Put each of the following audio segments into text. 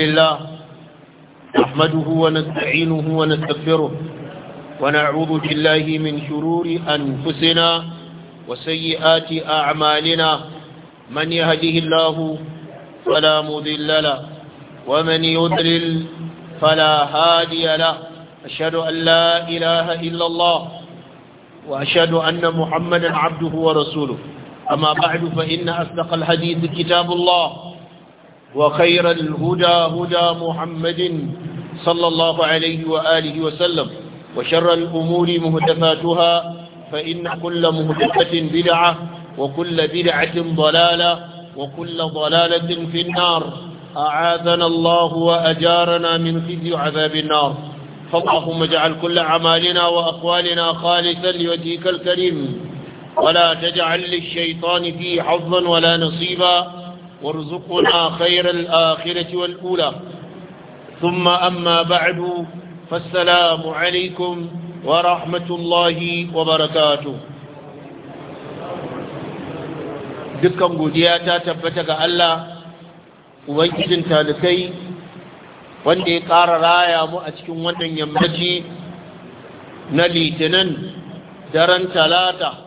لله نحمده ونستعينه ونستغفره ونعوذ بالله من شرور أنفسنا وسيئات أعمالنا من يهده الله فلا مذل له ومن يضلل فلا هادي له أشهد أن لا إله إلا الله وأشهد أن محمدا عبده ورسوله أما بعد فإن أصدق الحديث كتاب الله وخير الهدى هدى محمد صلى الله عليه وآله وسلم وشر الأمور مهدفاتها فإن كل مهدفة بدعة وكل بدعة ضلالة وكل ضلالة في النار أعاذنا الله وأجارنا من خزي عذاب النار فاللهم اجعل كل أعمالنا وأقوالنا خالصا لوجهك الكريم ولا تجعل للشيطان فيه حظا ولا نصيبا وارزقنا خير الآخرة والأولى ثم أما بعد فالسلام عليكم ورحمة الله وبركاته dukkan godiya ta tabbata ga Allah ubangijin talikai wanda ya ƙara raya mu a cikin wannan yammaci na litinin daren talata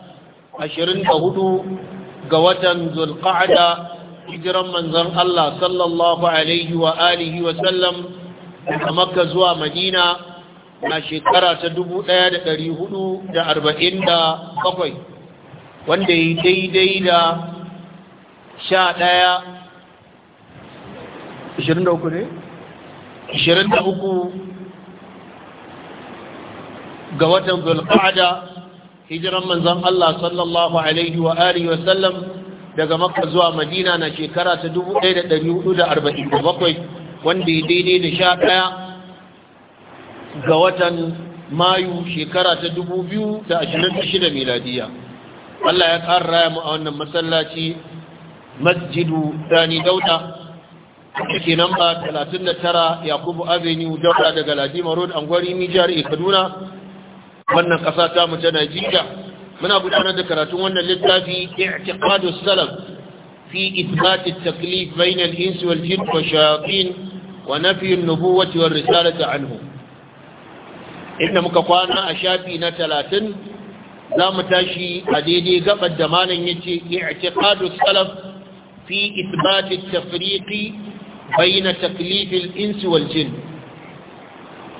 24 ga watan zulqa'ada hijiran manzon Allah sallallahu alaihi wa alihi wa sallam daga Makka zuwa Madina na shekara ta 1447 wanda yi daidai da 11 23 ne 23 ga watan Zulqa'da hijiran manzon Allah sallallahu alaihi wa alihi wa sallam daga makka zuwa madina na shekara ta 1447 wanda ya daidai da sha ɗaya ga watan mayu shekara ta 2026 miladiya Allah ya ƙara raya mu a wannan masallaci masjidu dani dauda ke namba 39 yakubu avenue dauda daga ladima road angwari mijar kaduna wannan ƙasa ta mu ta najeriya muna gudanar da karatun wannan littafi i'tiqadu salaf fi ithbat at-taklif bayna al-ins wal jinn wa shayatin wa nafi an-nubuwwati wal risalati anhu inda muka kwana a shafi na 30 zamu tashi a daidai gabar da malam yace i'tiqadu salaf fi ithbat at-tafriqi bayna taklif al-ins wal jinn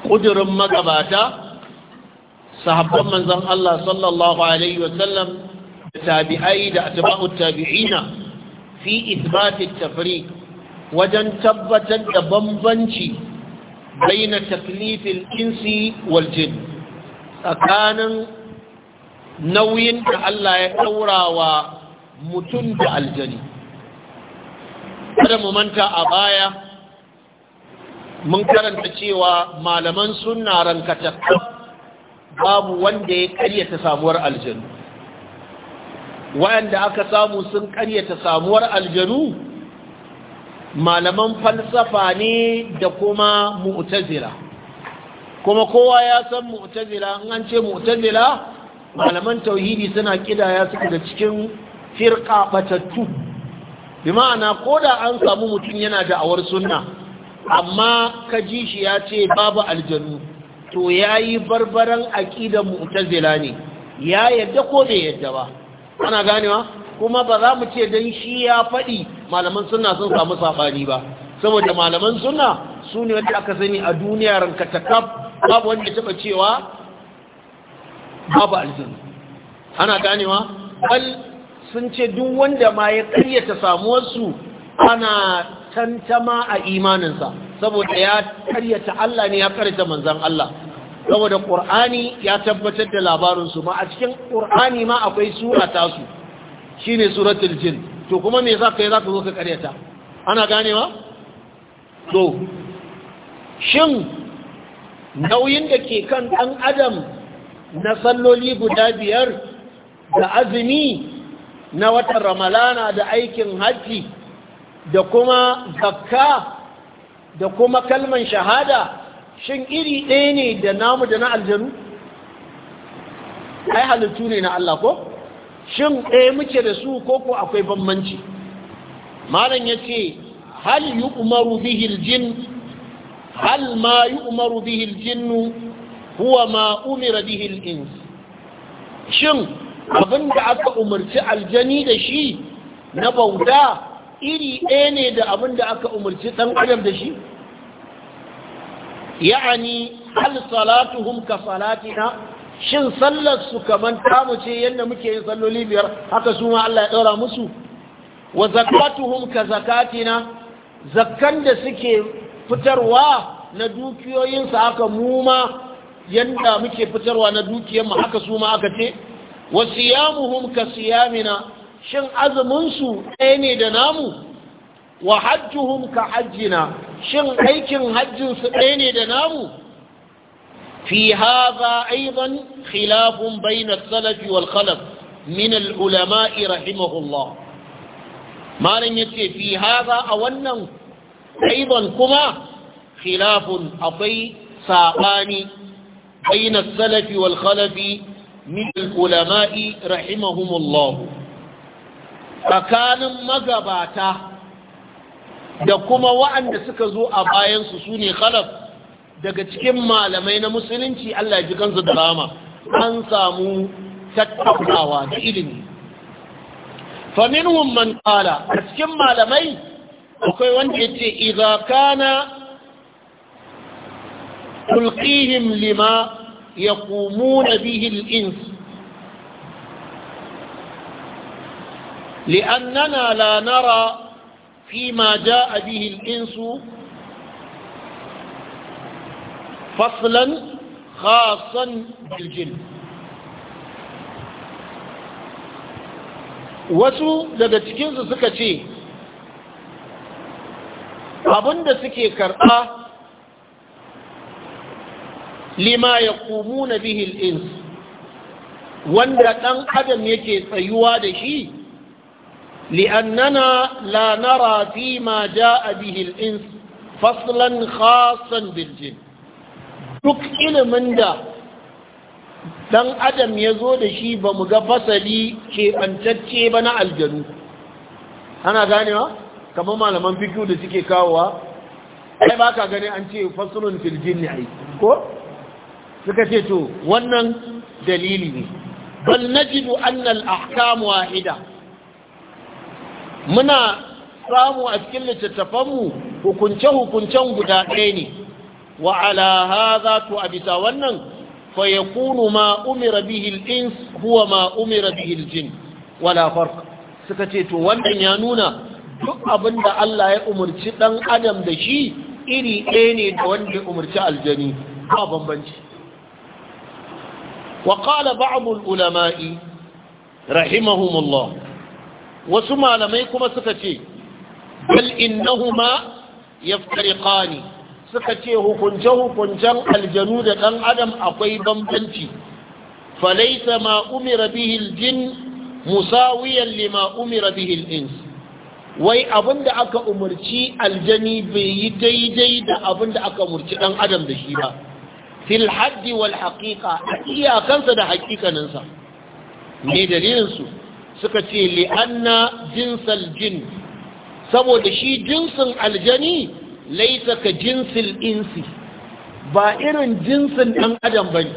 kudurin magabata sahabban manzon Allah sallallahu alaihi wasallam da tabi'ai da atba'ut tabi'ina fi ithbat at wajen tabbatar da bambanci baina taklif al-insi wal jin tsakanin nauyin da Allah ya daura wa mutum da aljani kada mu manta a baya mun karanta cewa malaman suna rankata babu wanda ya karyata samuwar aljanu wayanda aka samu sun karyata samuwar aljanu malaman falsafa ne da kuma mu'tazila kuma kowa ya san mu'tazila in an ce mu'tazila malaman tauhidi suna kidaya su daga cikin firqa batattu bi ma'ana koda an samu mutum yana da awar sunna amma kaji shi ya ce babu aljanu to ya yi barbaran aƙidar mu'tazila ne ya yadda ko bai yadda ba ana ganewa kuma ba za mu ce don shi ya faɗi malaman sunna sun samu sabani ba saboda malaman suna su ne wanda aka sani a duniya ranka takaf babu wanda taɓa cewa babu alzun ana ganewa al sun ce duk wanda ma ya ƙaryata samuwarsu ana tantama a imaninsa saboda ya karyata Allah ne ya karyata manzan Allah saboda Qur'ani ya tabbatar da labarinsu su ma a cikin Qur'ani ma akwai sura ta su shine suratul jin to kuma me yasa kai zaka zo ka karyata ana ganewa to shin nauyin da ke kan ɗan adam na salloli guda biyar da azumi na watan ramalana da aikin hajji da kuma zakka da kuma kalman shahada shin iri ɗaya ne da namu da na aljanu ai halittu ne na Allah ko shin ɗaya muke da su ko ko akwai bambanci malam yace hal umaru bihil jin, hal ma yi yu'maru bihi aljin huwa ma umira bihil alins shin abinda aka umarci aljani da shi na bauta iri ɗaya ne da abin da aka umarci ɗan adam da shi ya'ani hal salatuhum ka salatina shin sallar su kaman mu ce yadda muke yin salloli biyar haka su ma Allah ya ɗora musu wa zakatuhum ka zakatina zakkan da suke fitarwa na dukiyoyinsa haka mu ma yadda muke fitarwa na dukiyarmu haka su ma aka ce wa siyamuhum ka siyamina shin azuminsu ɗaya ne da namu wa hajjuhum ka hajjina shin aikin hajjinsu ɗaya ne da namu fi haza aiban khilafun bayna salafi wal khalaf min al-ulama'i rahimahullah malam yace fi haza a wannan aiban kuma khilafun akwai saɓani bayna salafi wal khalafi min al-ulama'i rahimahumullah tsakanin magabata da kuma wa'anda suka zo a bayansu su ne khalaf daga cikin malamai na musulunci Allah ji kansu da rama an samu tattaunawa da ilimi faminhum man qala a cikin malamai akwai wanda yace idza kana tulqihim lima yaqumuna bihi al-ins لأننا لا نرى فيما جاء به الإنس فصلا خاصا بالجن wasu daga cikinsu suka ce da suke karɓa lima ya kumu na bihil ins wanda ɗan adam yake tsayuwa da shi لأننا لا نرى فيما جاء به الإنس فصلا خاصا بالجن duk ilimin da ɗan adam ya zo da shi ba mu ga fasali keɓancacce ba na aljanu ana ganewa kamar malaman fikiyu da suke kawowa ai ba ka gani an ce fasulun filjin ne ai ko suka ce to wannan dalili ne bal najidu annal ahkam wahida muna samu a cikin littattafanmu hukunce-hukuncen guda ɗaya ne wa ala hadha to a bisa wannan fa kunu ma umira bihi ins huwa ma umira bihi jin wala farka. suka ce to wannan ya nuna duk abinda Allah ya umarci dan adam da shi iri ɗaya ne da wanda ya umarci aljani ba bambanci wa qala ba'd al-ulama'i rahimahumullah wasu malamai kuma suka ce bal innahuma yaftariqani suka ce hukunce hukuncen aljanu da dan adam akwai bambanci falaita ma umira bihi aljin musawiyan lima umira bihi alins wai abinda aka umurci aljani bai yi daidai da abinda aka umurci dan adam da shi ba fil haddi wal haqiqa iyakansa da hakikaninsa ne dalilin su suka ce li'anna jinsal jin saboda shi jinsin aljani laisa ka jinsil insi ba irin jinsin ɗan adam bane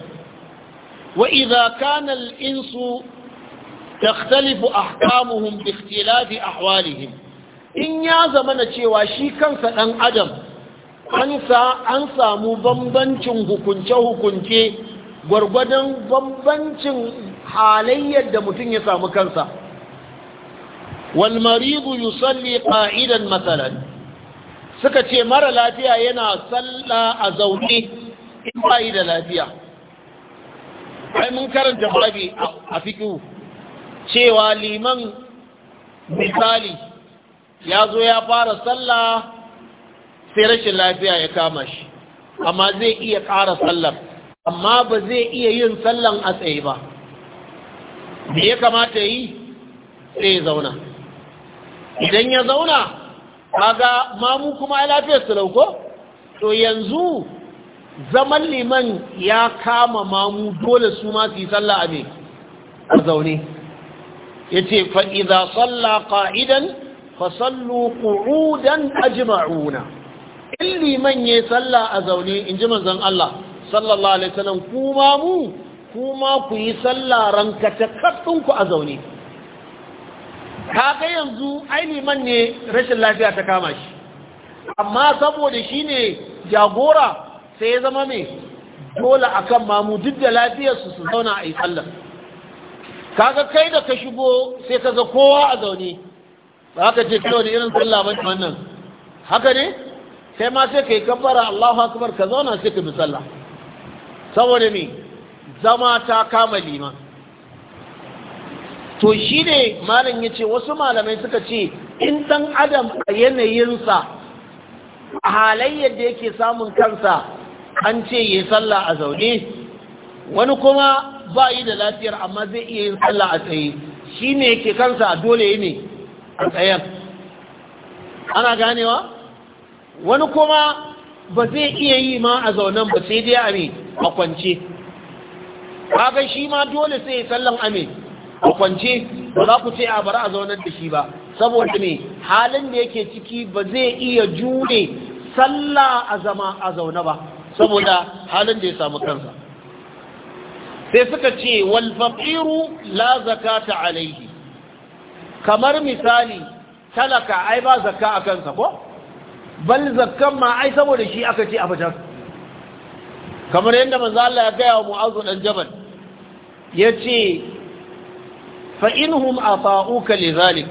wa idza kana al insu takhtalifu ahkamuhum bi ikhtilafi ahwalihim in ya zamana cewa shi kansa ɗan adam an samu bambancin hukunce-hukunce gwargwadon bambancin halayyar da mutum ya samu kansa wal maridu yusalli ƙa'idan matsalar suka ce mara lafiya yana salla a zaune in bai da lafiya ai mun karanta babi a fiqhu cewa liman misali ya zo ya fara salla sai rashin lafiya ya kama shi amma zai iya ƙara sallar amma ba zai iya yin sallan a tsaye ba me ya kamata yi sai ya zauna idan ya zauna kaga mamu kuma ya lafiyar su to yanzu zaman liman ya kama mamu dole su ma su yi sallah a me a zaune ya ce fa'iza sallah ƙa'idan fasallu ƙu'udan ajima'una in liman ya sallah a zaune in ji manzan Allah sallallahu Alaihi wasallam kuma mu kuma ku yi sallah ranka ta a zaune kaga yanzu liman ne rashin lafiya ta kama shi amma saboda shi ne jagora sai ya zama mai dole akan mamu duk da lafiyarsu su zauna a yi sallah kaga kai da ka shigo sai ka ga kowa a zaune ba ka ce kawai da irin sallah ba wannan haka ne sai ma sai ka yi kabbara Allahu akbar ka zauna sai ka bi sallah saboda me zama ta kama liman to shi ne malam ya ce wasu malamai suka ce in dan adam a yanayinsa a halayyar da yake samun kansa an ce yi sallah a zaune wani kuma ba yi da lafiyar amma zai iya yin sallah a tsaye shi ne yake kansa dole ne a tsayen ana ganewa wani kuma ba zai iya yi ma a zaunen ba sai dai a ne a kwance kaga shi ma dole sai ya sallan ame a kwance ba za ku ce a bari a zaunar da shi ba saboda ne halin da yake ciki ba zai iya jure sallah a zama a zaune ba saboda halin da ya samu kansa sai suka ce wal faqiru la zakata alayhi kamar misali talaka ai ba zakka a kansa ko bal zakkan ma ai saboda shi aka ce a fitar kamar yadda manzo Allah ya gaya wa Mu'adh dan Jabal ya ce fa'inhum a fa'uka lizalik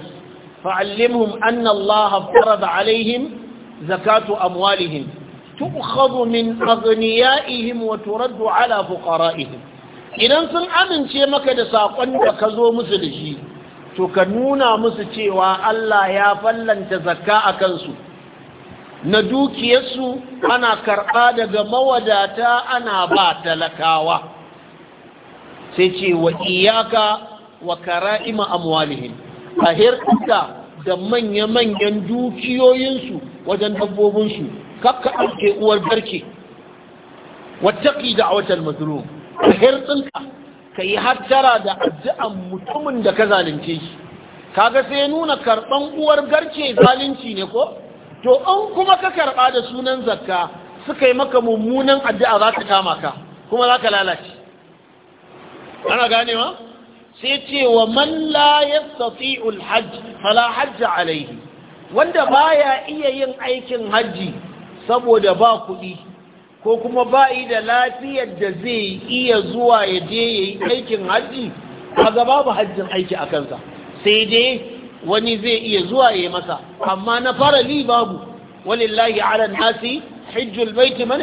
fa'allimhum an Allah farada alaihim zakatu amwalihim tu'khadhu min aghniya'ihim wa turaddu ala fuqara'ihim idan sun amince maka da saƙon da ka zo musu da shi to ka nuna musu cewa Allah ya fallanta zakka a kansu na dukiyarsu ana karɓa daga mawadata ana ba talakawa sai ce wa iyaka wa kara'ima amwalihim a hirɗinka da manya-manyan dukiyoyinsu wajen dabbobinsu kakka ɗauke uwar garke wattaki da watan mazlum a hirɗinka ka yi hattara da addu'an mutumin da ka zalunce shi kaga sai nuna karɓan uwar garke zalunci ne ko to an kuma ka karɓa da sunan zakka suka yi maka mummunan addu'a za ka kama ka kuma za ka lalace ana ganewa sai ce wa man la yastati'ul hajj fala alaihi wanda baya iya yin aikin hajji saboda ba kuɗi ko kuma ba yi da lafiyar da zai iya zuwa ya je ya yi aikin hajji a gaba ba hajjin aiki a kansa sai dai wani zai iya zuwa ya yi masa amma na fara li babu lahi ala nasi hajjul baiti man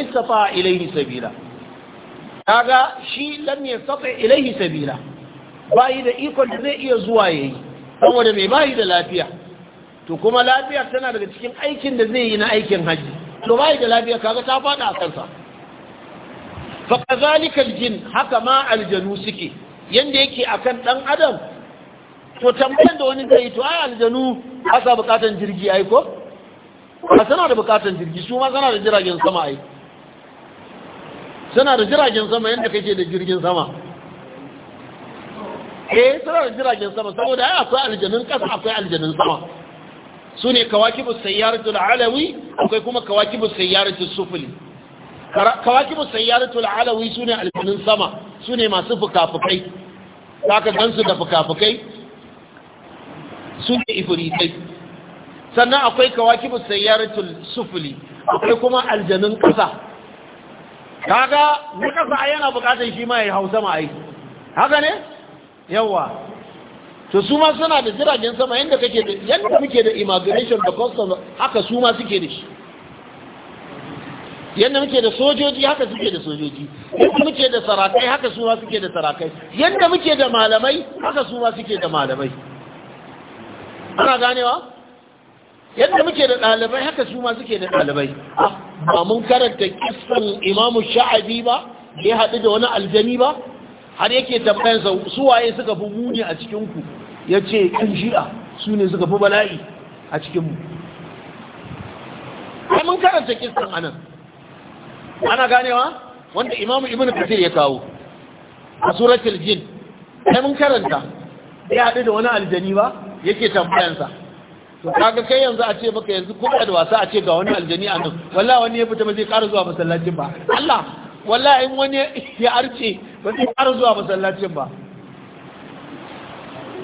ilaihi sabila kaga shi lam yastati ilaihi sabila bai da ikon da zai iya zuwa yayi saboda bai bai da lafiya to kuma lafiya tana daga cikin aikin da zai yi na aikin haji to bai da lafiya kaga ta fada a kansa fa kazalika aljin haka ma aljanu suke yanda yake akan dan adam to tambayar da wani zai to ai aljanu asa bukatan jirgi ai ko ba sana da bukatan jirgi su ma sana da jiragen sama ai tana da jiragen sama yadda kake da jirgin sama eh tana da jiragen sama saboda ya akwai aljanun kasa akwai aljanun sama su ne kawakibu sayyaratul alawi akwai kuma kawakibu sayyaratul sufuli kawakibu sayyaratul alawi su ne aljanun sama su ne masu fuka-fukai gansu da fuka-fukai su ne ifiritai sannan akwai kawakibu sayyaratul sufuli akwai kuma aljanun kasa kaga na kasa yana bukatar shi ma ya hausa ma aiki haka ne yawa to su ma suna da jiragen sama yadda kake da yadda muke da immigration da custom haka su ma suke da shi yadda muke da sojoji haka suke da sojoji yadda muke da sarakai haka su ma suke da sarakai yadda muke da malamai haka su ma suke da malamai ana ganewa yadda muke da ɗalibai haka su ma suke da ɗalibai ah, ba mun karanta kisan imamu sha'abi ba ya haɗu da wani aljani ba har yake tambayansa su waye suka fi muni a cikinku ya ce ɗan shi'a su ne suka fi bala'i a cikinmu ya mun karanta kisan anan ana ganewa wanda imamu ibn kathir ya kawo a suratul jin ya mun karanta ya haɗu da wani aljani ba yake tambayansa to kaga kai yanzu a ce maka yanzu kuma da wasa a ce ga wani aljani a nan wallahi wani ya fita ba zai ƙara zuwa masallacin ba Allah wallahi in wani ya arce ba zai ƙara zuwa masallacin ba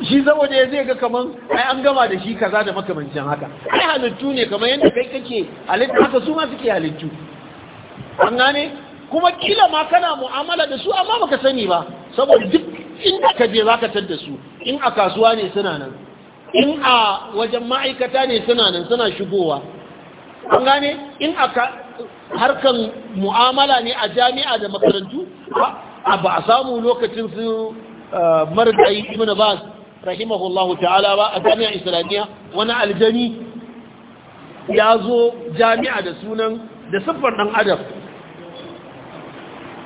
shi saboda ya zai ga kaman ai an gama da shi kaza da makamancin haka ai halittu ne kamar yadda kai kake halittu haka su ma suke halittu an gane kuma kila ma kana mu'amala da su amma baka sani ba saboda duk inda ka je zaka tar da su in a kasuwa ne suna nan in a wajen ma'aikata ne suna nan suna shigowa an gane in a harkan mu'amala ne a jami'a da makarantu a ba a samu lokacin su eh, marigayi ibn abbas rahimahullahu ta'ala ba a jami'a islamiyya wani aljani ya zo jami'a da sunan da siffar ɗan adam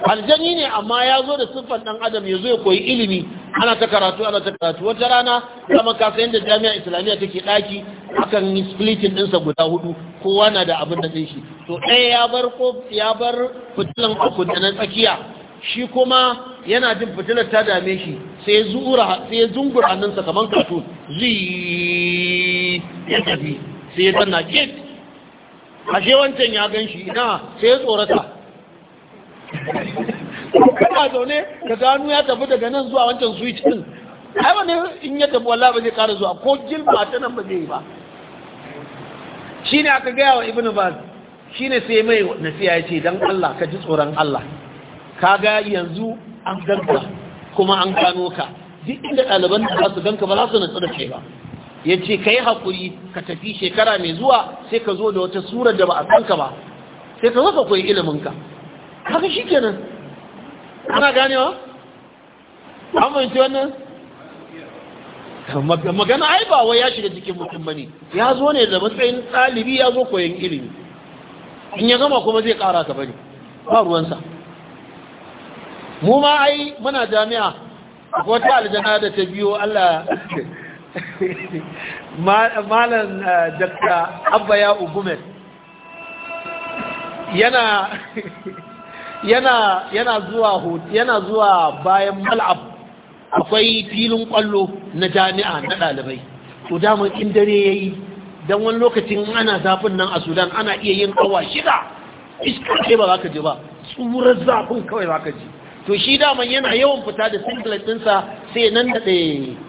aljani ne amma ya zo da siffar ɗan adam ya zo ya koyi ilimi ana ta karatu ana ta karatu wata rana kama kasa yadda jami'a islamiyya take ɗaki akan yi splitting ɗinsa guda hudu kowa na da abin da zai shi to ɗaya ya bar ko ya bar fitilan aku da tsakiya shi kuma yana jin fitilar ta dame shi sai zura sai zungura hannunsa kamar katun zi ya tafi sai ya tanna ashe wancan ya gan shi ina sai ya tsorata kana zaune ka gano ya tafi daga nan zuwa wancan switch din ai wani in ya tafi wallahi ba zai kara zuwa ko gilba ta nan ba zai yi ba shine aka gaya wa ibnu baz shine sai mai nasiya ya ce dan Allah ka ji tsoron Allah kaga yanzu an ganka kuma an gano ka duk inda ɗaliban da za su ganka ba za su natsu da kai ba ya ce ka yi haƙuri ka tafi shekara mai zuwa sai ka zo da wata surar da ba a ka ba sai ka zo ka koyi ilimin ka. haka shi kenan ana wa? an fahimci wannan magana ai ba wai ya shiga jikin mutum bane ya zo ne da matsayin ɗalibi ya zo koyon ilimi in ya gama kuma zai ƙara ka bane ba ruwansa mu ma ai muna jami'a wata aljana da ta biyo Allah malam eh, dakta abba ya ugumet yana yana zuwa yana zuwa bayan mal'ab akwai filin kwallo na jami'a na dalibai to daman in dare yayi dan wani lokacin ana zafin nan a Sudan ana iya yin awa shida iska ba za ka ji ba tsurar zafin kawai za ka ji to shi daman yana yawan fita da singlet ɗinsa sai nan da ɗaya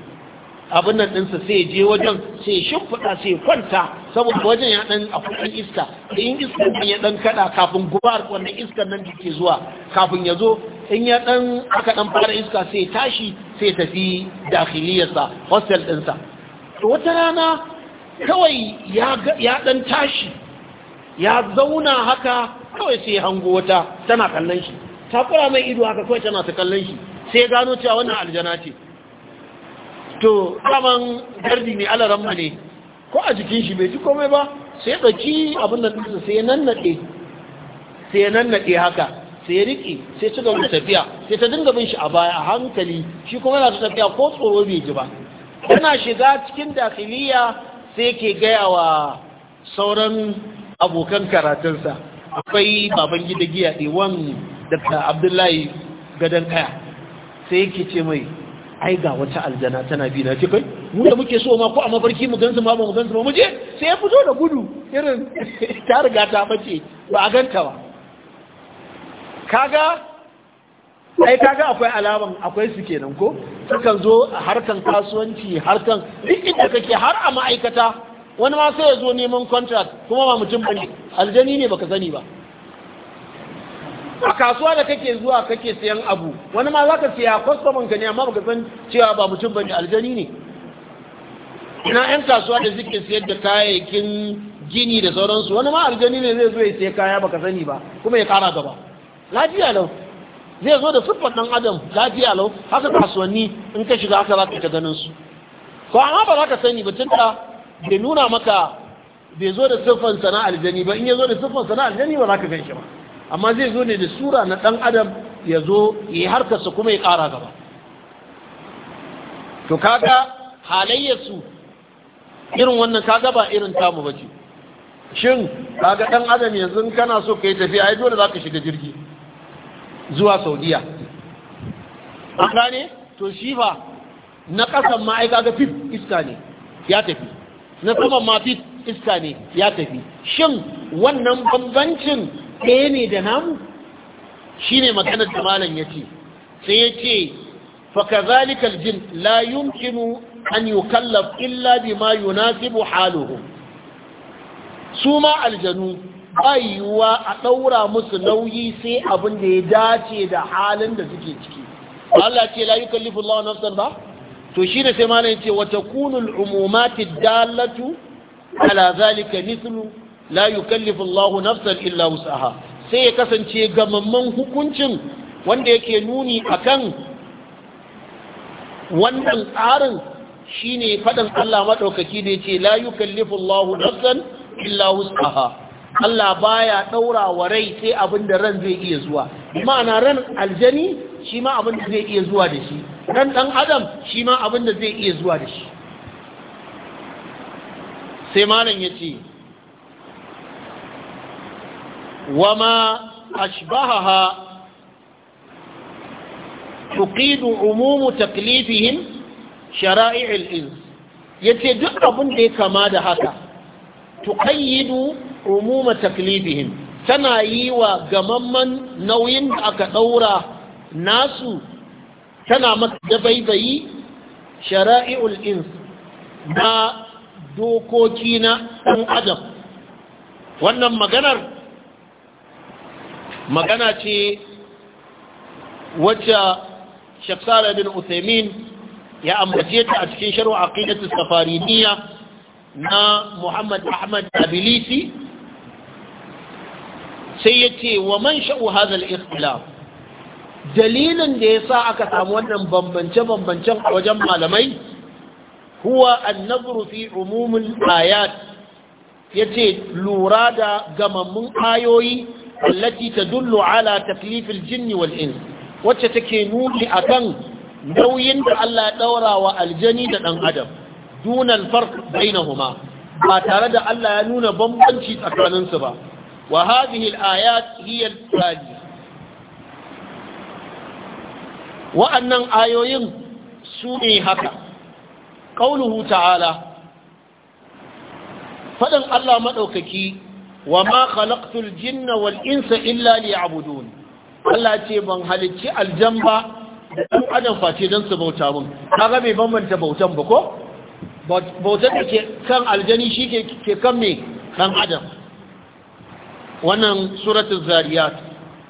abin nan ɗinsa sai je wajen sai shimfiɗa sai kwanta saboda wajen ya ɗan akwai iska in iska nan ya ɗan kaɗa kafin gubar wannan iskar nan da ke zuwa kafin ya zo in ya ɗan aka ɗan fara iska sai tashi sai tafi dakiliyarsa hostel ɗinsa wata rana kawai ya ɗan tashi ya zauna haka kawai sai hango wata tana kallon shi ta kura mai ido haka kawai tana ta kallon shi sai gano cewa wannan aljana ce to daman gardi ne alaramma ne ko a jikin shi bai ji komai ba sai ya tsaki abin da sai ya nannaɗe sai ya nannaɗe haka sai ya riƙe sai ci gaba tafiya sai ta dinga bin shi a baya a hankali shi kuma yana tafiya ko tsoro bai ji ba yana shiga cikin dakiliya sai ke gaya wa sauran abokan karatunsa akwai baban gida giya ɗewan da abdullahi gadon kaya sai yake ce mai ai ga wata aljana tana bi na ce kai mu da muke so ma ko a mafarki mu gansu ma mu gansu mu je sai ya fito da gudu irin ta riga ta bace ba a ganta ba kaga ai kaga akwai alaman akwai su kenan ko sukan zo harkan kasuwanci harkan duk inda kake har a ma'aikata wani ma sai ya zo neman contract kuma ba mutum bane aljani ne baka sani ba a kasuwa da kake zuwa kake sayan abu wani ma zaka siya kwastomin ka ne amma baka san cewa ba mutum bane aljani ne ina yan kasuwa da suke siyar da kayayyakin gini da sauransu wani ma aljani ne zai zo ya sayi kaya baka sani ba kuma ya kara gaba lafiya lau zai zo da siffar dan adam lafiya lau haka kasuwanni in ka shiga haka za ka ta ganin su ko amma ba za ka sani ba tunda bai nuna maka bai zo da siffar sana aljani ba in ya zo da siffar sana aljani ba za ka gan shi ba amma zai zo ne da sura na ɗan adam ya zo ya yi harkarsa kuma ya ƙara gaba to kaga halayyarsu irin wannan kaga ba irin tamu ba ce shin kaga ɗan adam yanzu kana so ka yi tafiya ai dole za ka shiga jirgi zuwa saudiya an gane to shi fa na ƙasan ma ai kaga fit iska ne ya tafi na saman ma fit iska ne ya tafi shin wannan bambancin ɗaya ne da namu shine maganar da malam yace sai yace fa kadhalika aljin la yumkinu an kallaf illa bima yunasibu haluhu su ma aljanu yiwuwa a ɗaura musu nauyi sai abin da ya dace da halin da suke ciki Allah ce la yukallifu Allah nafsan ba to shine sai malam wata wa takunu al-umumati Dalatu ala zalika mislu. la yukallifu Allah nafsan illa wus'aha sai ya kasance gamamman hukuncin wanda yake nuni akan wannan tsarin shine fadan Allah maɗaukaki da yake la yukallifu Allah nafsan illa wus'aha Allah baya daura wa rai sai abinda ran zai iya zuwa ma'ana ran aljani shi ma abin da zai iya zuwa da shi ran ɗan adam shi ma abin da zai iya zuwa da shi sai malam yace وما أشبهها تقيد عموم تكليفهم شرائع الإنس يتجد أبن دي كما دهك تقيد عموم تكليفهم تنايي وغمما نوين أكدورة ناس تنامك دبيبي شرائع الإنس ما دوكوكينا أدب wannan maganar magana ce wacce shaksara bin uthaymin ya ambace ta a cikin sharu aqidatu safariniya na muhammad ahmad abilisi sai yace wa man sha'u hadha ikhtilaf dalilin da yasa aka samu wannan bambance bambancen a wajen malamai huwa an-nazru fi umumul ayat yace lura da gamammun ayoyi allati tadullu ala taklif al-jinn wal ins wacce take nuni akan nauyin da Allah ya daura wa aljani da ɗan adam dun al-farq bainahuma ba tare da Allah ya nuna bambanci tsakaninsu ba wa hadhihi al-ayat hiya wa'annan ayoyin su ne haka qauluhu ta'ala fadan Allah maɗaukaki. wa ma khalaqtul jinna wal insa illa liya'budun Allah ce ban halicci aljan ba dan adam face dan su bauta mun kaga bai bambanta bautan ba ko bautan da ke kan aljani shike ke kan me dan adam wannan suratul zariyat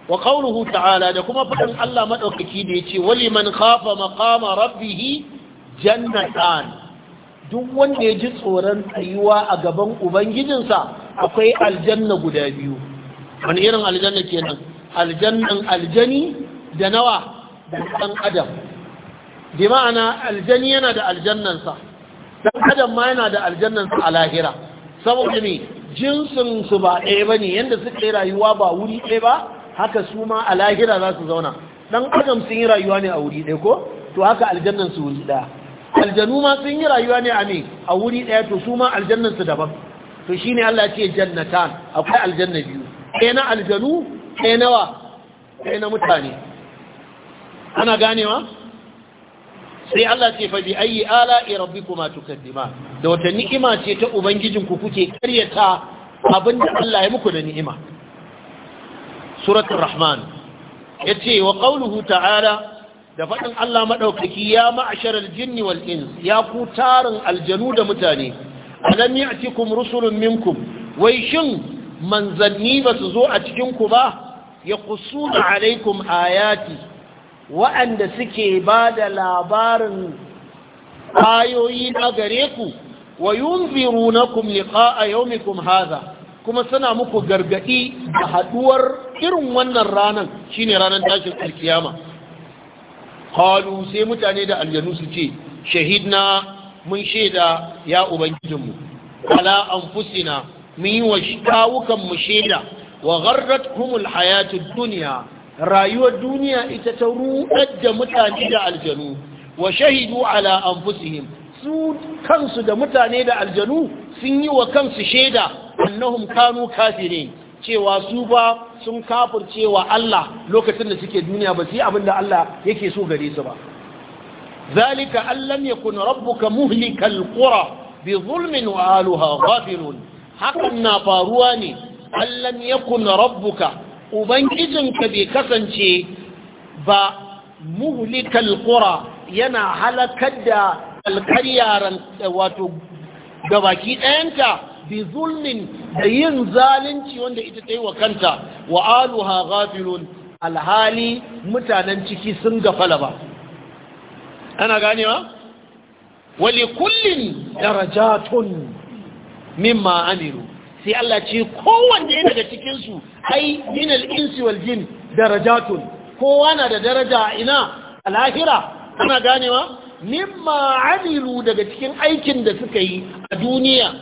wa qawluhu ta'ala da kuma fadin Allah madaukaki da yace waliman khafa maqama rabbih jannatan duk wanda ya ji tsoron tsayuwa a gaban ubangijinsa akwai aljanna guda biyu wani irin aljanna kenan aljannan aljani da nawa da dan adam bi ma'ana aljani yana da aljannansa dan adam ma yana da aljannansa a lahira saboda ne su ba ɗaya ba ne yadda suka yi rayuwa ba wuri ɗaya ba haka su ma a lahira za su zauna dan adam sun yi rayuwa ne a wuri ɗaya ko to haka aljannansu wuri ɗaya aljanu ma sun yi rayuwa ne a ne a wuri ɗaya to su ma aljannansu daban to ne Allah ce jannatan akwai aljanna biyu ɗaya na aljanu ɗaya nawa ɗaya na mutane ana ganewa sai Allah ce fa bi ayi ala'i rabbikuma tukaddima da wata ni'ima ce ta Ubangijin ku kuke karyata abinda Allah ya muku da ni'ima suratul rahman yace wa qawluhu ta'ala da faɗin Allah maɗaukaki ya ma'asharar jinni wal ins ya ku tarin aljanu da mutane alam ya'tikum rusulun minkum wai shin manzanni ba su zo a cikin ku ba yaqussuna alaikum ayati wa'anda suke ba da labarin ayoyi na gare ku wa yunzirunakum liqa'a yawmikum hadha kuma suna muku gargadi da haduwar irin wannan ranan shine ranan tashin alkiyama qalu sai mutane da aljanu su ce shahidna mun shaida ya ubangijinmu ala anfusina mun yi wa kawukan mu shaida wa gharrat humul hayatud duniya rayuwar duniya ita ta ruɗar da mutane da aljanu wa shahidu ala anfusihim su kansu da mutane da aljanu sun yi wa kansu shaida annahum kanu cewa su ba sun kafircewa Allah lokacin da suke duniya ba su yi abin da Allah yake so gare su ba ذلك أن لم يكن ربك مهلك القرى بظلم وآلها غافلون حقنا فارواني أن لم يكن ربك أبنجزنك بكسنشي فمهلك القرى ينا هلكد الكريار وتقبكي أنت بظلم بين ظالنتي وانت اتتعي كنت وآلها غافلون alhali mutanen ciki sun gafala ba ana ganewa wali kullin darajatun mimma Amiru sai Allah ce kowanne daga cikin su ai minal insi wal jin darajatun kowa na da daraja ina alahira ana ganewa mimma Amiru daga cikin aikin da suka yi a duniya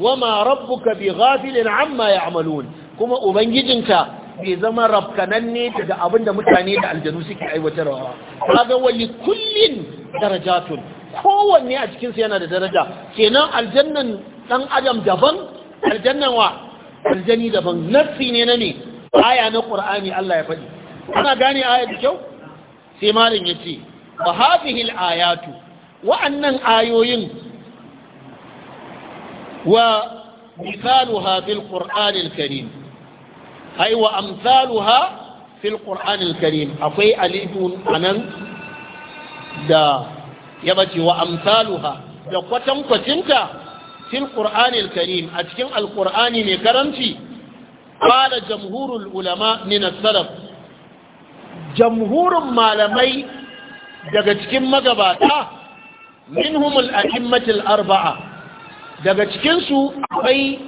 wama rabbuka bighafilin amma ya'malun kuma ubangijinka bai zama rafkananne daga abinda da mutane da aljanu suke aiwatarwa ga wali kullin tun. kowanne a cikinsu yana da daraja kenan aljannan dan adam daban aljannan wa aljani daban nassi ne na ne aya na ƙur'ani Allah ya faɗi ana gane aya da kyau sai malin yace wa hadhihi ayatu wa'annan ayoyin wa misaluha fil qur'anil karim ai wa amsaluha fil qur'anil karim akwai alifun anan da ya bace wa amsaluha da kwatan kwacinta fil qur'anil karim a cikin alqur'ani mai karanci qala jamhurul ulama min as-salaf jamhurun malamai daga cikin magabata minhum al-a'immatul arba'a daga cikin su akwai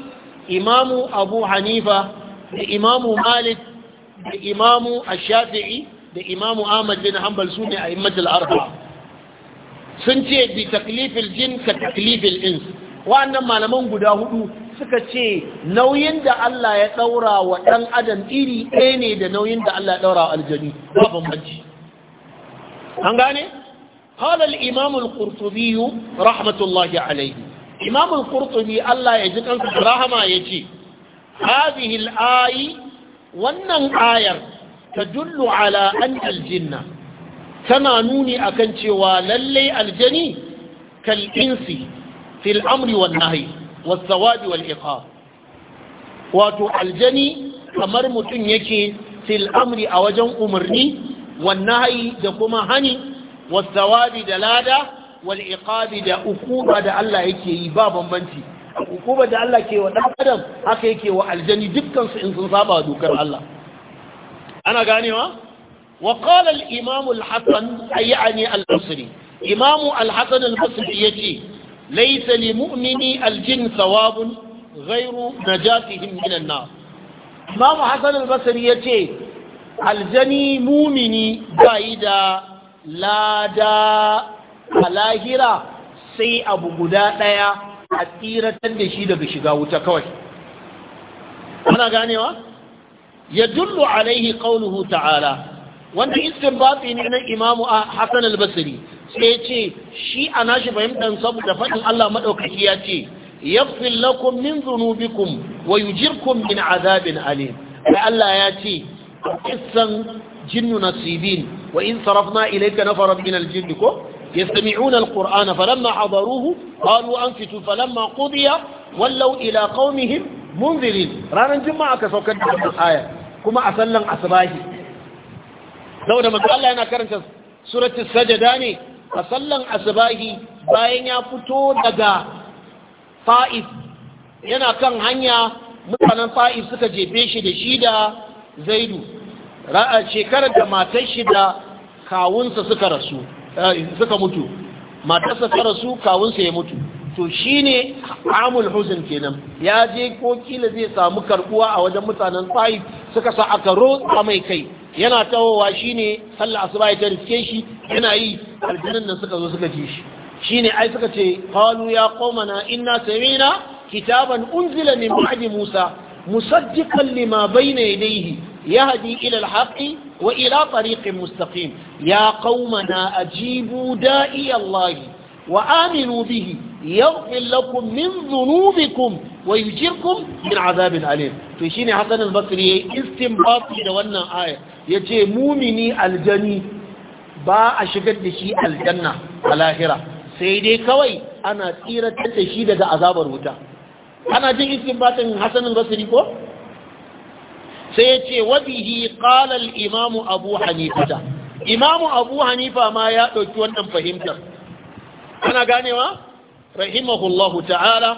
imamu abu hanifa da imamu malik da imamu ash da imamu ahmad bin hanbal su ne a immatul arba sun ce bi taklifil jin ka taklifil ins wa'annan malaman guda hudu suka ce nauyin da Allah ya daura wa dan adam iri ɗaya ne da nauyin da Allah ya daura wa aljani ba bambanci an gane قال الإمام القرطبي رحمة الله عليه إمام القرطبي الله يجد أنك رحمة يجي هذه الآية wannan ayar ta dullu ala an aljinna tana nuni akan cewa lallai aljani kal insi fil amri wan nahyi was sawabi wal iqab wato aljani kamar mutum yake fil amri a wajen umarni wan nahyi da kuma hani was sawabi da lada wal da ukuba da Allah yake yi ba bambanci hukumar da Allah ke wa ɗan adam haka yake wa aljani dukkansu in sun saba dokar Allah ana ganewa wa qala al imam al hasan ayani al basri imam al hasan al basri yace laysa li mu'mini al jin thawabun ghayru najatihim min an nar imam hasan al basri yace aljani mumini bai da lada a lahira sai abu guda ɗaya a tsiratar da shi daga shiga wuta kawai muna ganewa ya dullu alaihi ƙaunuhu ta'ala wanda istinbati ne na imamu a al-basri sai ce shi a nashi fahimtar saboda faɗin Allah maɗaukaki ya ce yaghfir lakum min dhunubikum wa yujirkum min azabin alim da Allah ya ce kissan jinnu nasibin wa in sarafna na nafaran min al ko يستمعون القرآن فلما حضروه قالوا أنفتوا فلما قضي ولوا إلى قومهم منذرين رانا جمعة كسوكت الآية كما أسلم أسباهي لو لما قال لنا كرنت سورة السجداني أسلم أسباهي باين يفتو دقا طائف yana kan hanya mutanen ta'if suka jefe shi da shi da zaidu shekarar da matar shi da kawunsa suka rasu Eh, suka mutu matarsa ta rasu kawunsa ya mutu to shine amul huzn kenan ya je ko kila zai samu karbuwa a wajen mutanen Taif suka sa aka rotsa mai kai yana tawowa shine sallah asuba ya shi yana yi aljannan nan suka zo suka ji shi shine ai suka ce qalu ya na inna sami'na kitaban unzila min ba'di musa musaddiqan lima bayna yadayhi يهدي إلى الحق وإلى طريق مستقيم يا قومنا أجيبوا دائي الله وآمنوا به يغفر لكم من ذنوبكم ويجيركم من عذاب أليم فشين حسن البصري استنباطي لونا آية يجي مؤمني الجني با أشغل لشي الجنة الآخرة سيدي كوي أنا تيرت تشيد عذاب الوتا أنا جي استنباطي حسن البصري كو sai ya ce wabihi ƙalal imamu abu hanifata imamu abu hanifa ma ya ɗauki wannan fahimtar ana ganewa rahimahullahu ta'ala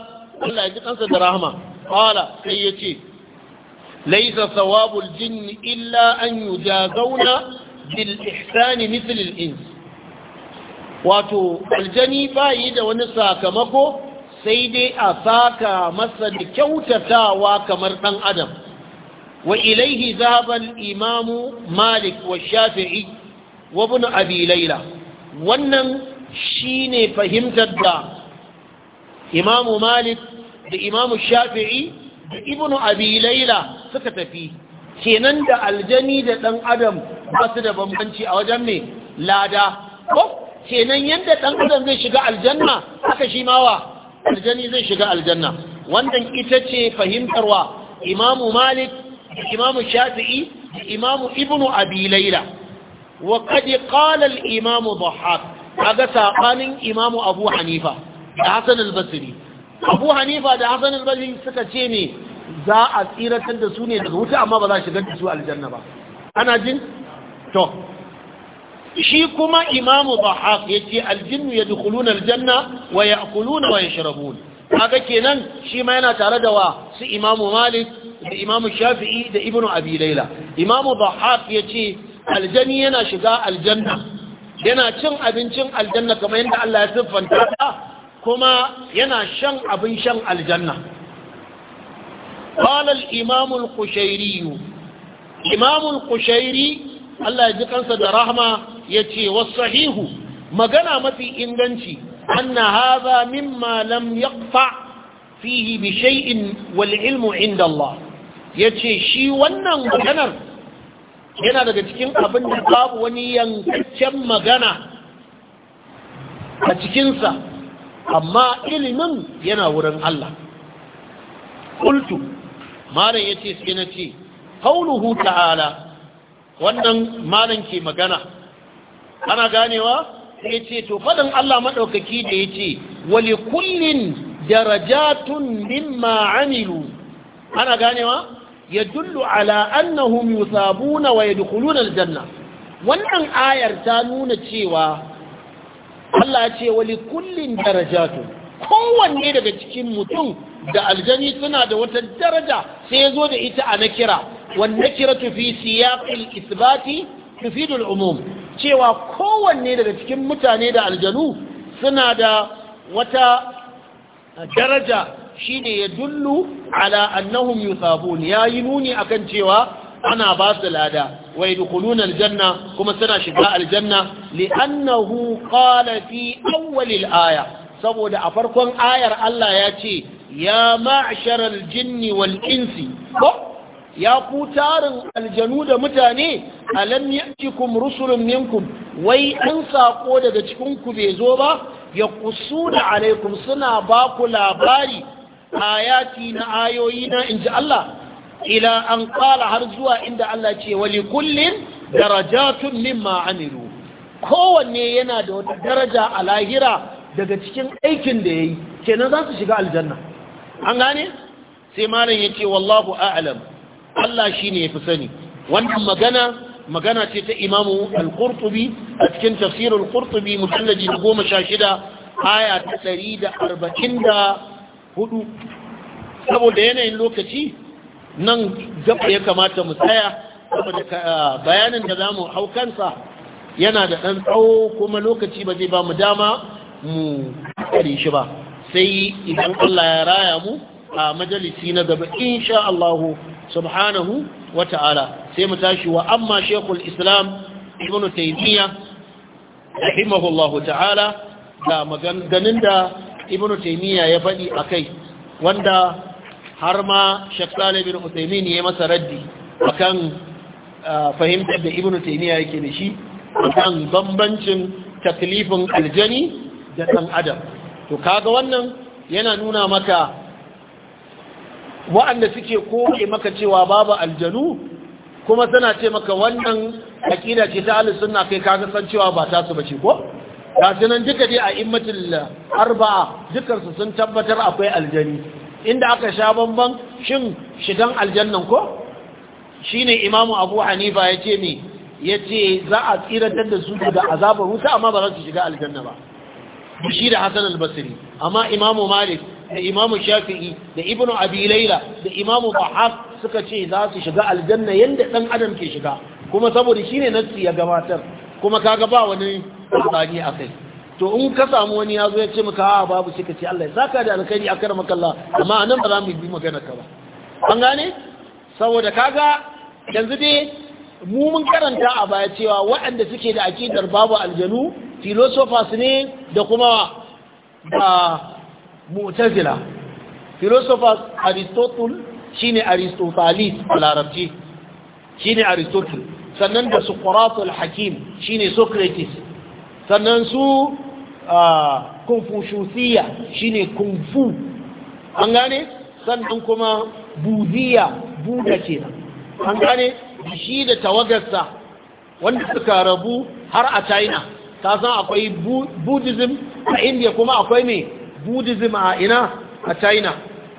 Allah ya ji da rahama ƙala sai ya ce laisa sawabul jin illa an yujazauna bil ihsani mithl al ins wato aljani yi da wani sakamako sai dai a saka masa da kyautatawa kamar ɗan adam وإليه ذهب الإمام مالك والشافعي وابن أبي ليلى wannan shine fahimtar da imamu malik da imamu shafi'i da ibnu abi laila suka tafi kenan da aljani da dan adam ba su da bambanci a wajen mai lada ko kenan yadda ɗan adam zai shiga aljanna haka shi mawa aljani zai shiga aljanna wannan ita ce fahimtarwa imamu malik imamu shafi'i da imamu ibnu Abilaila laila wa qad qala al imamu dhahhak sabanin imamu abu hanifa da hasan al abu hanifa da hasan al suka ce ne za a tsiratar da su ne daga wuta amma ba za a da su aljanna ba ana jin to shi kuma imamu bahaq ya ce aljinnu ya dukulun aljanna wa ya akuluna wa ya shirabun kenan shi ma yana tare da wa su imamu malik da imamu shafi'i da ibnu abi laila imamu dhahab yace aljani yana shiga aljanna yana cin abincin aljanna kamar yadda Allah ya siffanta kuma yana shan abin shan aljanna qala al-imam al-qushairi imam al qushairi al Allah ya ji kansa da rahma yace was-sahihu magana mafi inganci anna hadha mimma lam yaqfa fihi bi shay'in wal ilmu inda Allah ya ce shi wannan maganar yana daga cikin abin da babu wani yankaccen magana a cikinsa amma ilimin yana wurin Allah kultu malam ya ce sai na ce hauluhu ta'ala wannan malam ke magana ana ganewa ya ce to faɗin Allah maɗaukaki da ya ce wali kullin darajatun mimma amilu ana ganewa yadullu ala annahum yusabuna wa yadkhuluna aljanna wannan ayar ta nuna cewa Allah ce wali kullin darajatu kowanne daga cikin mutum da aljani suna da wata daraja sai yazo zo da ita a nakira wan nakiratu fi siyaqil isbati tufidu al'umum cewa kowanne daga cikin mutane da aljanu suna da wata daraja shine ya dullu ala annahum Ya yayi nuni akan cewa ana ba su lada wai yadkhuluna aljanna kuma suna shiga aljanna li'annahu qala fi awwal aya saboda a farkon ayar Allah ya ce ya ma'sharal jinni wal insi ya ku tarin aljanu da mutane alam ya'tikum rusulun minkum wai an sako daga cikin ku bai zo ba ya kusuna alaikum suna ba ku labari ayati na ayoyi na inji Allah ila an qala har zuwa inda Allah ce wali kullin darajatun mimma amilu kowanne yana da wata daraja a lahira daga cikin aikin da yayi kenan za su shiga aljanna an gane sai malam yace wallahu a'lam Allah shine yafi sani wannan magana magana ce ta Imam al-qurtubi a cikin tafsir al-qurtubi mujallad 16 aya ta da. hudu saboda yanayin lokaci nan gaba ya kamata mu tsaya saboda ah, bayanin da za mu hau kansa yana da ɗan tsawo kuma lokaci ba zai ba mu dama mu kare shi ba sai idan Allah ya raya mu a majalisi na gaba insha Allah subhanahu wa ta'ala sai mu tashi wa amma shekul islam ibn taymiya rahimahullahu ta'ala da maganganun da ibnu taymiya ya faɗi akai wanda har ma shakkale bin usaymin ya masa raddi akan fahimtar da ibnu taymiya yake da shi akan bambancin taklifin aljani da dan adam to kaga wannan yana nuna maka wa'anda suke koke maka cewa babu aljanu kuma suna ce maka wannan aqida ce ta al sunna kai kaga san cewa ba ta su bace ko ga sunan duka dai a immatul arba'a dukansu sun tabbatar akwai aljani inda aka sha bamban shin shigan aljannan ko shine imamu abu hanifa ya ce ne ya ce za a tsiratar da su da azabar wuta amma ba za su shiga aljanna ba shi da hassan albasiri amma imamu malik da imamu shafi'i da ibnu abi laila da imamu bahaf suka ce za su shiga aljanna yadda ɗan adam ke shiga kuma saboda ne nassi ya gabatar kuma kaga ba wani sabani a kai to in ka samu wani ya zo ya ce maka a babu shi ka ce Allah ya saka da alkhairi a kar makalla amma anan ba za mu bi magana ka ba an gane saboda kaga yanzu dai mu mun karanta a baya cewa waɗanda suke da akidar babu aljanu philosophers ne da kuma da mu'tazila philosophers aristotle shine aristotelis a larabci shine aristotle sannan da suqratul hakim shine socrates sannan su confuciusiya shine ne fu an gane sannan kuma buziya buda ce an gane shi da tawagarsa wanda suka rabu har a china ta san akwai buddhism a india kuma akwai mai buddhism a ina a china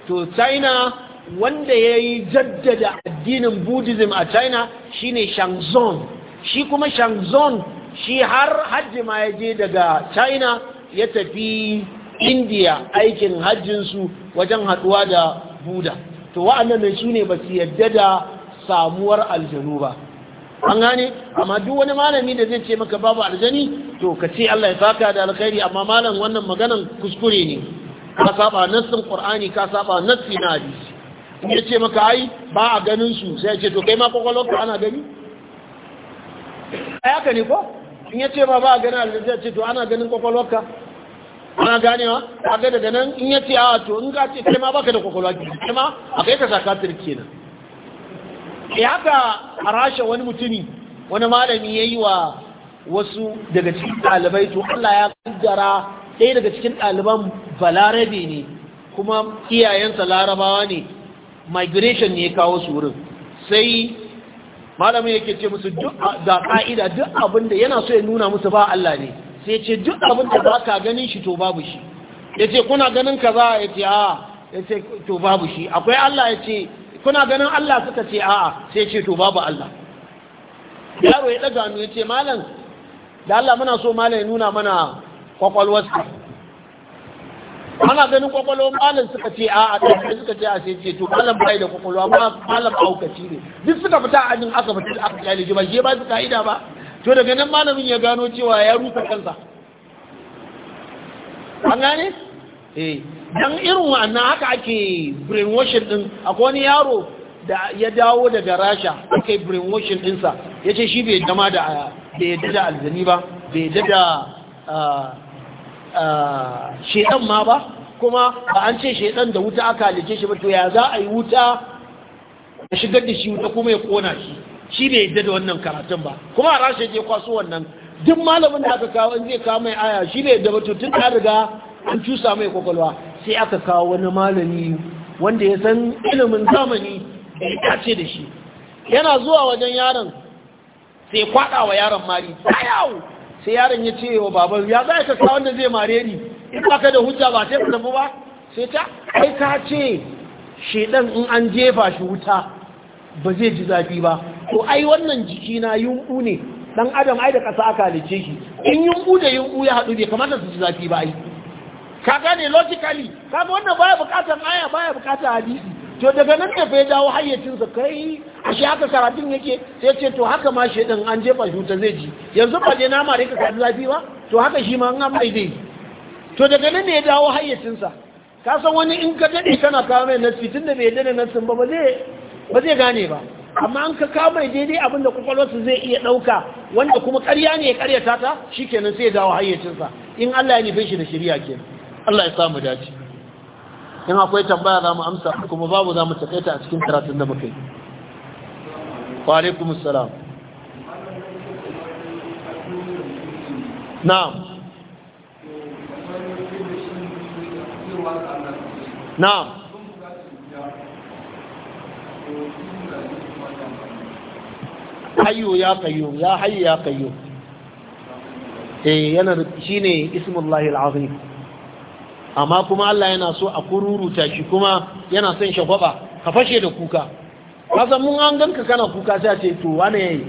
to china wanda ya yi jaddada addinin buddhism a china shine shangzong shi kuma shangzong shi har hajji ma ya je daga china ya tafi indiya aikin hajjinsu wajen haduwa da buda to wa'annan su ne ba su yadda da samuwar aljanu ba an gane amma duk wani malami da zai ce maka babu aljani to ka ce Allah ya saka da alkhairi amma malam wannan maganan kuskure ne ka saba nassin qur'ani ka saba nassi na hadisi ya ce maka ai ba a ganin su sai ya ce to kai ma kwakwalwarka ana gani ka ne ko in ya ce ma ba a ganin aljanta ce to ana ganin kwakwalwarka ana ganewa a ga daga nan in ya ce a ah, to in ka ce kai ma baka da kwakwalwa ki kai ma a kai ka sakatar kenan ya haka a wani mutumi wani malami ya yi wa wasu daga cikin ɗalibai to Allah ya kaddara ɗaya daga cikin ɗaliban balarabe ne kuma iyayensa larabawa ne migration ne ya kawo su wurin sai malamin yake ce musu duk ga ka'ida duk abin da yana so ya nuna musu ba Allah ne sai ce duk abin da ba ka ganin shi to babu shi ya ce kuna ganin ka a ya ce a ya ce to babu shi akwai Allah ya ce kuna ganin Allah suka ce a'a sai ce to babu Allah yaro ya ɗaga hannu ya ce malam da Allah muna so malam ya nuna mana kwakwalwarsa ana ganin kwakwalwa malam suka ce a a ɗaya suka ce a sai ce to malam bai da kwakwalwa malam aukaci ne duk suka fita a ajin aka fita aka kyale shi ba shi ba su ka'ida ba to daga nan malamin ya gano cewa ya rusa kansa an gane eh dan irin wannan haka ake brainwashing din akwai wani yaro da ya dawo daga rasha ake brainwashing dinsa ya ce shi bai dama da bai yadda da aljani ba bai yadda da ah, ah, shedan ma ba kuma ba an ce shaidan da wuta aka halice shi ba to ya za a yi wuta a shigar da shi wuta kuma ya kona shi shi bai yadda da wannan karatun ba kuma a rashe je kwaso wannan duk malamin da aka kawo zai kawo mai aya shi bai yadda ba tun ta riga an cusa mai kwakwalwa sai aka kawo wani malami wanda ya san ilimin zamani da ya dace da shi yana zuwa wajen yaron sai kwada wa yaron mari ta yawo sai yaron ya ce wa baban ya za ka kawo wanda zai mare ni in ba ka da hujja ba sai ku tafi ba sai ta ai ka ce dan in an jefa shi wuta ba zai ji zafi ba to ai wannan jiki na yunku ne dan adam ai da kasa aka halice shi in yunku da yunku ya haɗu bai kamar su zafi ba ai ka gane logically kaga wannan baya bukatar aya baya bukatar hadisi to daga nan ne fa ya dawo hayyacin sa, kai a shi haka karatun yake sai ce to haka ma shi dan an jefa shi wuta zai ji yanzu ba je na mare ka zafi ba to haka shi ma an amma zai to daga nan ne ya dawo hayyacinsa ka san wani in ka daɗe kana kawo mai nassi tun da bai daɗe nassin ba ba zai gane ba amma an ka kawo mai daidai abin da kwakwalwarsa zai iya ɗauka wanda kuma ƙarya ne ya ƙaryata ta shi kenan sai ya dawo hayyacinsa in Allah ya nufe shi da shirya ke Allah ya samu dace in akwai tambaya za mu amsa kuma babu za mu taƙaita a cikin karatun da muka yi wa alaikum na'am na'am hayyu ya qayyum ya hayyu ya qayyum eh yana ne ismullahi alazim amma kuma Allah yana so a kururuta shi kuma yana son shagwaba ka fashe da kuka kasan mun an ganka kana kuka sai a ce to wane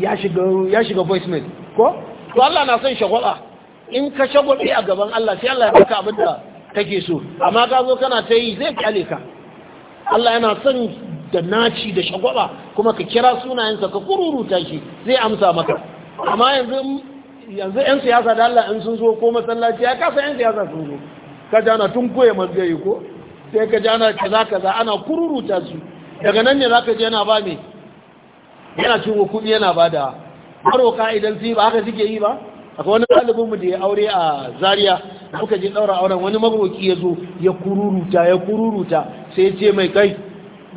ya shiga ya shiga mail ko to Allah na son shagwaba in ka shagwabe a gaban Allah sai Allah ya baka abin da take so amma ka zo kana ta yi zai kyale ka Allah yana son da naci da shagwaba kuma ka kira sunayensa ka kururuta shi zai amsa maka amma yanzu yanzu 'yan siyasa da Allah in sun zo ko masallaci ya kasa 'yan siyasa sun zo ka jana tun koya mazgayi ko sai ka jana kaza kaza ana kururuta su daga nan ne zaka je yana ba me yana cin kuɗi yana ba da ka idan sai ba haka suke yi ba akwai wani ɗalibinmu da ya aure a da muka je ɗaura auren wani magoki ya zo ya kururuta ya kururuta sai ce mai kai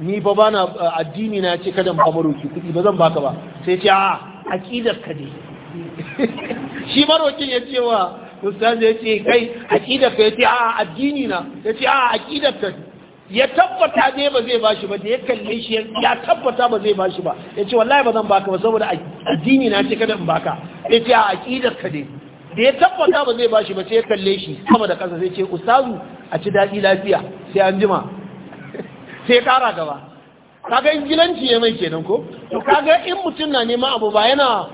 ni fa bana addini na ce kada ba maroki kuɗi ba zan baka ba sai ce a aqidar ka ne shi marokin ya ce wa ustaz ya ce kai aqidar ka ya ce a addini na ya ce a aqidar ka ne ya tabbata ne ba zai ba shi ba da ya kalle shi ya tabbata ba zai ba shi ba ya ce wallahi ba zan baka ba saboda addini na ce kada in baka ya ce a aƙidar ka ne da ya tabbata ba zai ba shi ba sai ya kalle shi sama da ƙasa sai ce ustazu a ci daɗi lafiya sai an jima sai ƙara gaba kaga in gilanci ya mai kenan ko to kaga in mutum na neman abu ba yana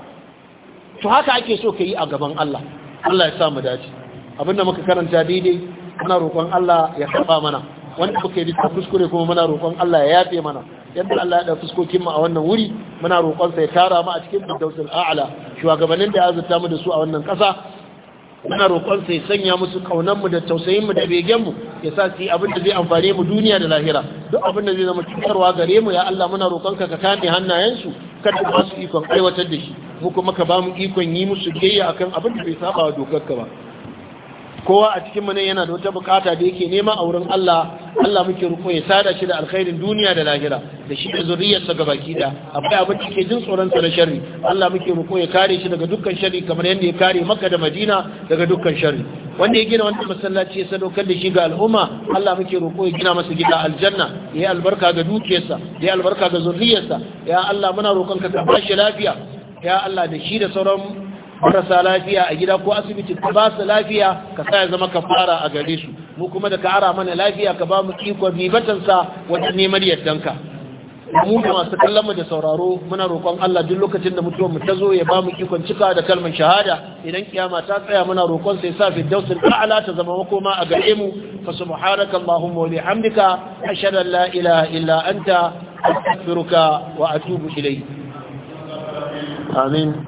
to haka ake so ka yi a gaban Allah Allah ya sa mu dace abinda muka karanta daidai ana roƙon Allah ya karba mana wanda muka yi bisa kuskure kuma muna roƙon Allah ya yafe mana yadda Allah ya da fuskokin mu a wannan wuri muna roƙon sa ya tara mu a cikin dausul a'la shugabannin da ya azurta mu da su a wannan ƙasa muna roƙon sa ya sanya musu kaunan mu da tausayin mu da begen mu ya sa su abin da zai amfane mu duniya da lahira duk abin da zai zama cutarwa gare mu ya Allah muna roƙon ka ka kame hannayen su kada ba su ikon aiwatar da shi mu kuma ka ba mu ikon yi musu biyayya akan abin da bai saba wa dokar ka ba kowa a cikin manan yana da wata bukata da yake nema a wurin Allah Allah muke roƙo ya sada shi da alkhairin duniya da lahira da shi da zuriyarsa ga baki da akwai abin da ke jin tsoron sa na sharri Allah muke roƙo ya kare shi daga dukkan sharri kamar yadda ya kare Makka da Madina daga dukkan sharri wanda ya gina wannan masallaci ya sadaukar da shi ga al'umma Allah muke roƙo ya gina masa gida aljanna ya albarka ga dukiyarsa ya albarka ga zuriyarsa ya Allah muna roƙon ka ka bashi lafiya ya Allah da shi da sauran marasa lafiya a gida ko asibiti ka ba su lafiya ka sa ya zama fara a gare su mu kuma da ka ara mana lafiya ka ba mu ikon ribatansa wajen neman yardanka mu da masu kallon mu da sauraro muna roƙon Allah duk lokacin da mutuwar mu ta zo ya ba mu ikon cika da kalmar shahada idan kiyama ta tsaya muna roƙon sai sa fi dausul ta'ala ta zama makoma a gare mu fa subhanaka allahumma wa bihamdika ashhadu an la ilaha illa anta astaghfiruka wa atubu ilayk amin